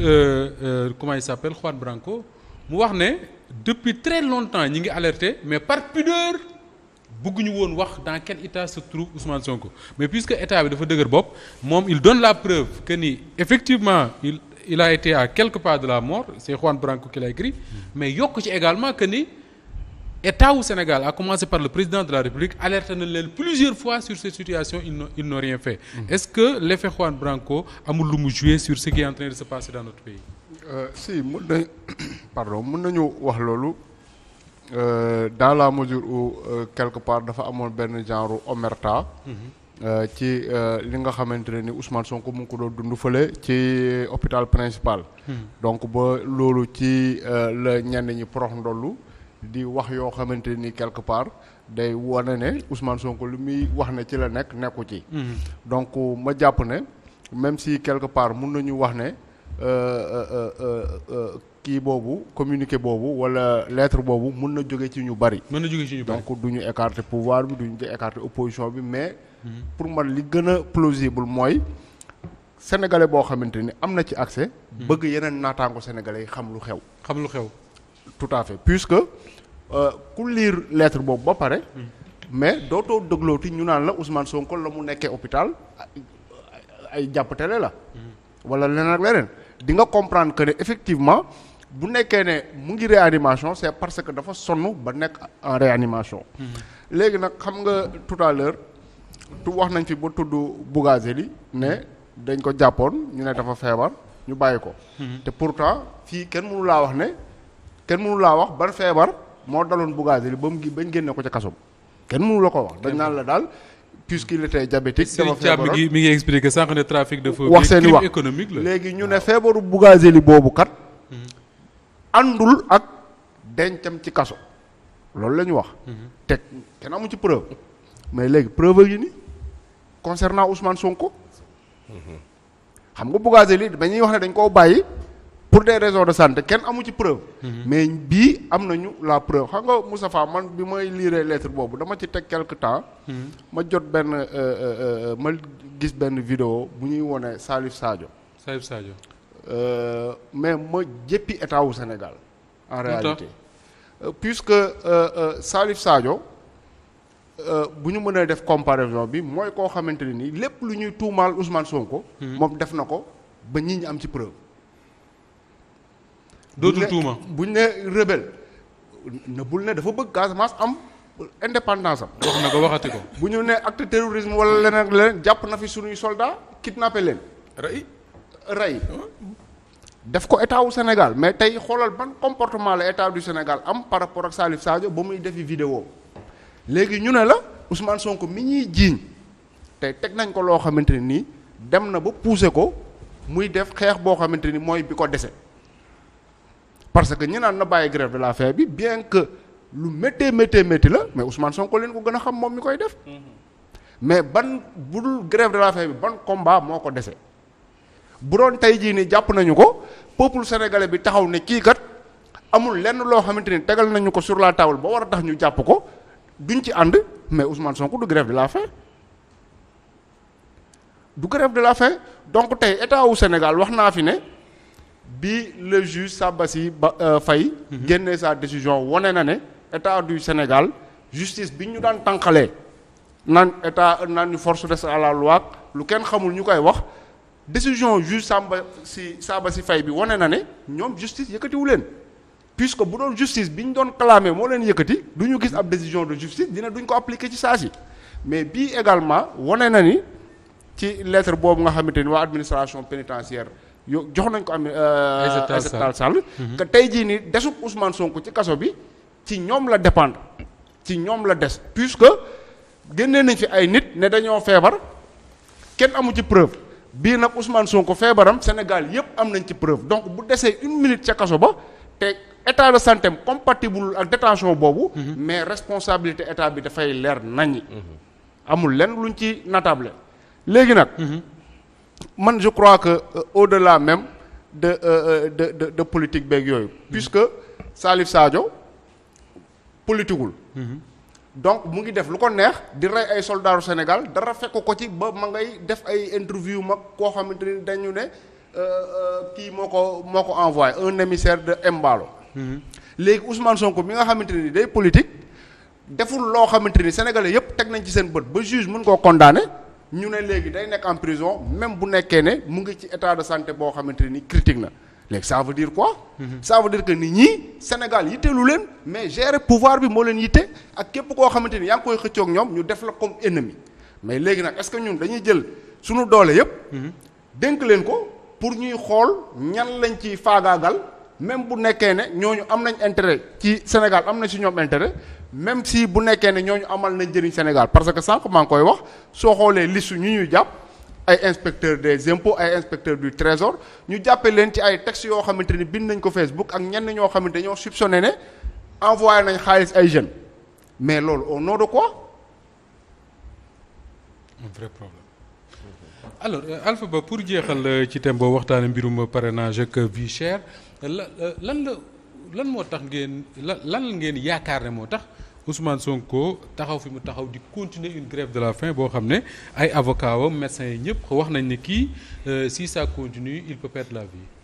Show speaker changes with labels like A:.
A: Euh, euh, comment il s'appelle Juan Branco mu wax ne depuis très longtemps ñi ngi alerté mais par pudeur bëgguñu woon wax dans quel état se trouve Ousmane Sonko mais puisque état bi dafa dëgër bopp moom il donne la preuve que ni effectivement il il a été à quelques pas de la mort c'est Juan Branco qui l'a écrit mais yokk ci également que état wu Sénégal à commencer par le président de la République alerté na leen plusieurs fois sur cette situation ils n'ont ils n'ont rien fait mhm. est-ce que l'effet Juan Branco amul lu mu jouer sur ce qui est de se passer dans notre
B: pays euh, si mun na pardon mun nañu wax loolu euh, dans la mesure où euh, quelque part dafa amoon benn genre omerta mhm. ci li nga xamante ne ni Ousmane Sonko mu ngi ko doon dund ci hôpital principal mhm. donc ba loolu ci la ñenn ñi porox ndollu di wax yoo xamante ni quelque part day wane ne Ousmane Sonko lu muy wax ne ci la nekk nekku ci. Mhm. donc ma jàpp ne même si quelque part mun nañu wax ne euh, euh, euh, kii boobu communiqué boobu wala lettre boobu mun na jóge ci ñu bari. na jóge ci donc du ñu écarter pouvoir bi du ñu écarter opposition bi mais. Mhm. pour man li gën a plausible mooy. sénégalais boo xamante ni am na ci accès. Mhm. bëgg yeneen naataango sénégalais yi xam lu xew. xam lu xew. tout à fait puisque euh, ku lire lettre boobu ba pare. mais dootoo déglooti ñu naan la Ousmane Sonko la mu nekkee hôpital ay jàpp tele la. wala leneen ak leneen di nga comprendre que ne effectivement bu nekkee ne mu ngi réanimation c'est parce que dafa sonn ba nekk en réanimation. léegi nag xam nga tout à l'heure tu wax nañ fi ba tudd Bougazelli ne dañ ko jàppoon ñu ne dafa feebar ñu bàyyi ko. Hmm. te pourtant fii kenn mënu laa wax ne. kenn mënu laa wax ban feebar moo daloon Bougazelli ba mu gi bañ génne ko ci kaso kenn mënu la ko wax dañ naan la daal puisqu'il était diabétique dama feebaroon mi ngi
A: mi ngi expliqué sànq ne de feu wax seen i wax économique la
B: léegi ñu ne feebaru Bougazelli boobu kat mhm. àndul ak dencam ci kaso loolu la ñu wax mhm. te kenn amu ci preuve mais léegi preuve yi ni concernant Ousmane Sonko mhm. xam nga Bougazelli ba dañuy wax ne dañ koo bàyyi pour des raisons de santé kenn amu ci preuve. Mhm. mais bii am nañu la preuve xam nga Moustapha man bi may liiree lettre boobu dama ci teg quelque temps. Mhm. ma jot benn euh, euh, euh, ma gis benn vidéo bu ñuy wone Salif Sadio. Salif Sadio. mais ma jéppi état wu Sénégal. en réalité puisque Salif Sadio bu ñu mënee def comparaison bi mooy koo xamante ne nii lépp lu ñuy tuumaal Ousmane ko mhm. moom def na ko ba ñii am ci preuve. dootul tuuma buñ ne rebelle na bul ne dafa bëgg Casamance am indépendance am. wax na ko waxati ko. bu ñu ne acte terrorisme wala leneen leneen jàpp na fi suñuy soldat kidnappé leen. rey rey. def ko état wu Sénégal mais tey xoolal ban comportement la état du Sénégal am par rapport ak Salif Sadio ba muy defi vidéo léegi ñu ne la Ousmane Sonko mi ñuy jiiñ tey teg nañ ko loo xamante ni dem na ba pousser ko muy def xeex boo xamante ni mooy bi ko dese. parce que ñi na bàyyi grève de la faim bi bien que lu méttee méttee métti la mais Ousmane Sonko leen ko gën a xam moom ñu koy def. mais ban budul grève de la faim bi ban combat moo ko dese. bu doon tey jii nii jàpp nañu ko peuple sénégalais bi taxaw ne kii kat amul lenn loo xamante ni tegal nañu ko sur la table ba war a tax ñu jàpp ko duñ ci ànd mais Ousmane Sonko du grève de la faim. du grève de la faim donc tey état wu Sénégal wax naa fi ne. bi le juge si ba euh, Faye mhm. génnee sa décision wane na ne état du Sénégal justice bi ñu daan tànqalee naan état naan ñu force reste à la loi lu kenn xamul ñu koy wax décision juge Samba si Sabassi Faye bi wane na ne ñoom justice yëkkatiwu leen puisque bu doon justice bi ñu doon clamé moo leen yëkkati du ñu gis ab décision de justice dina duñ ko appliquer ci saa si mais bii également wane na ni ci lettre boobu nga xamante ni waa administration pénitentiaire yo jox nañ ko am euh, Aïssata Tall Sall que tey jii nii desub Ousmane Sonko ci kaso bi ci ñoom la dépendre ci ñoom la des puisque génnee nañ fi ay nit ne dañoo feebar kenn amu ci preuve bii nag Ousmane Sonko feebaram Sénégal yépp am nañ ci preuve donc bu desee une minute ca kaso ba te état de santé compatible ak détention boobu mhm. mais responsabilité état bi dafay leer naññi mhm. amul lenn luñ ci natable léegi nag mhm. man je crois que euh, de la même de euh, euh, de de de politique beeg yooyu. Mm-hmm. puisque Salif Sadio politiqueul. Mm-hmm. donc mu ngi def lu ko neex di rey ay soldaaru Sénégal dara fekk ko ci ba ma ngay def ay interview mag koo xamante ni dañu ne euh, euh, kii moo ko moo ko envoyé un émissaire de Embalo. Mm-hmm. léegi Ousmane Sonko bi nga xamante ni day politique deful loo xamante ni sénégalais yëpp teg nañ ci seen bët ba juge mun koo condamné. ñu ne léegi day nekk en prison même bu nekkee ne mu ngi ci état de santé boo xamante ni critique na léegi ça veut dire quoi. Mhm. ça veut nit ñi Sénégal yitteelu leen mais gérer pouvoir bi moo leen yitte ak képp koo xamante ni yaa ngi koy xëccook ñoom ñu def la comme ennemi mais léegi nag est-ce que ñun dañuy jël suñu doole yépp mhm. dénk leen ko pour ñuy xool ñan lañ ci faagaagal même bu nekkee ne ñooñu am nañ intérêt ci Sénégal am na ci ñoom intérêt même si bu nekkee ne ñoo ñu amal nañ jëriñ Sénégal parce que sànq maa ngi koy wax soo xoolee liste ñu ñuy jàpp ay inspecteur des impôts ay inspecteur du trésor ñu jàppee leen ci ay textes yoo xamante ni bind nañ ko Facebook ak ñenn ñoo xamante ñoo soupçonné ne envoyé nañ xaalis ay jeunes mais loolu au nom de quoi.
A: un vrai alors euh, Alpha pour jeexal euh, ci thème boo waxtaanee mbirum parrainage ak vie chère euh, la lan la. lan moo tax ngeen lan lan ngeen yaakaar ne moo tax Ousmane Sonko taxaw fi mu taxaw di continuer une grève de la faim boo xam ne ay avocats wam yi ñëpp wax nañ ne kii euh, si ça continue il peut perdre la vie.